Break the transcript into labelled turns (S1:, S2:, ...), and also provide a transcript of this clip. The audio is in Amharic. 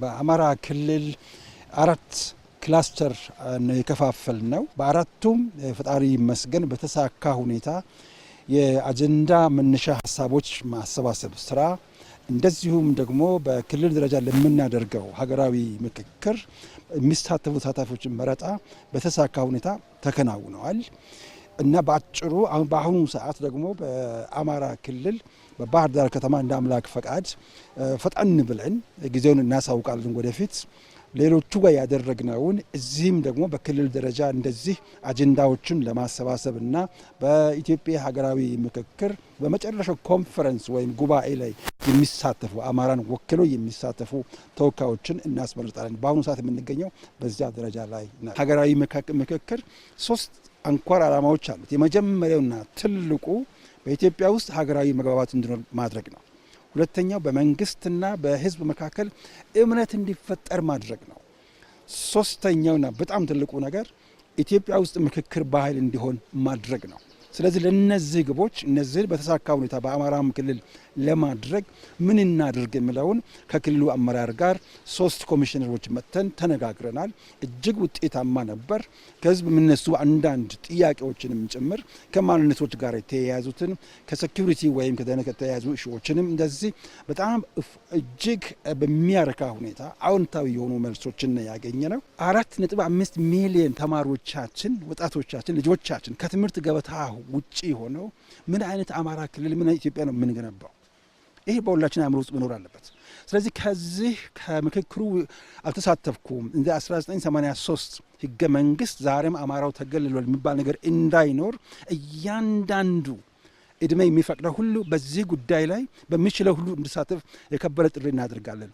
S1: በአማራ ክልል አራት ክላስተር ነው የከፋፈል ነው። በአራቱም ፈጣሪ ይመስገን በተሳካ ሁኔታ የአጀንዳ መነሻ ሀሳቦች ማሰባሰብ ስራ እንደዚሁም ደግሞ በክልል ደረጃ ለምናደርገው ሀገራዊ ምክክር የሚሳተፉ ተሳታፊዎችን መረጣ በተሳካ ሁኔታ ተከናውነዋል። እና በአጭሩ በአሁኑ ሰዓት ደግሞ በአማራ ክልል በባህር ዳር ከተማ እንደ አምላክ ፈቃድ ፈጠን ብለን ጊዜውን እናሳውቃለን ወደፊት ሌሎቹ ጋር ያደረግነውን እዚህም ደግሞ በክልል ደረጃ እንደዚህ አጀንዳዎችን ለማሰባሰብ እና በኢትዮጵያ ሀገራዊ ምክክር በመጨረሻው ኮንፈረንስ ወይም ጉባኤ ላይ የሚሳተፉ አማራን ወክሎ የሚሳተፉ ተወካዮችን እናስመርጣለን። በአሁኑ ሰዓት የምንገኘው በዚያ ደረጃ ላይ ሀገራዊ ምክክር ሶስት አንኳር ዓላማዎች አሉት። የመጀመሪያውና ትልቁ በኢትዮጵያ ውስጥ ሀገራዊ መግባባት እንዲኖር ማድረግ ነው። ሁለተኛው በመንግስትና በህዝብ መካከል እምነት እንዲፈጠር ማድረግ ነው። ሶስተኛውና በጣም ትልቁ ነገር ኢትዮጵያ ውስጥ ምክክር ባህል እንዲሆን ማድረግ ነው። ስለዚህ ለነዚህ ግቦች እነዚህ በተሳካ ሁኔታ በአማራም ክልል ለማድረግ ምን እናድርግ የሚለውን ከክልሉ አመራር ጋር ሶስት ኮሚሽነሮች መጥተን ተነጋግረናል። እጅግ ውጤታማ ነበር። ከህዝብ የሚነሱ አንዳንድ ጥያቄዎችንም ጭምር ከማንነቶች ጋር የተያያዙትን ከሴኪሪቲ ወይም ከደህንነት የተያያዙ እሺዎችንም እንደዚህ በጣም እጅግ በሚያረካ ሁኔታ አዎንታዊ የሆኑ መልሶችን ያገኘ ነው። አራት ነጥብ አምስት ሚሊዮን ተማሪዎቻችን፣ ወጣቶቻችን፣ ልጆቻችን ከትምህርት ገበታ ውጪ ሆነው ምን አይነት አማራ ክልል ምን ኢትዮጵያ ነው የምንገነባው? ይሄ በሁላችን አእምሮ ውስጥ መኖር አለበት። ስለዚህ ከዚህ ከምክክሩ አልተሳተፍኩም እንደ 1983 ህገ መንግስት ዛሬም አማራው ተገልሏል የሚባል ነገር እንዳይኖር እያንዳንዱ እድሜ የሚፈቅደው ሁሉ በዚህ ጉዳይ ላይ በሚችለው ሁሉ እንድሳተፍ የከበረ ጥሪ እናደርጋለን።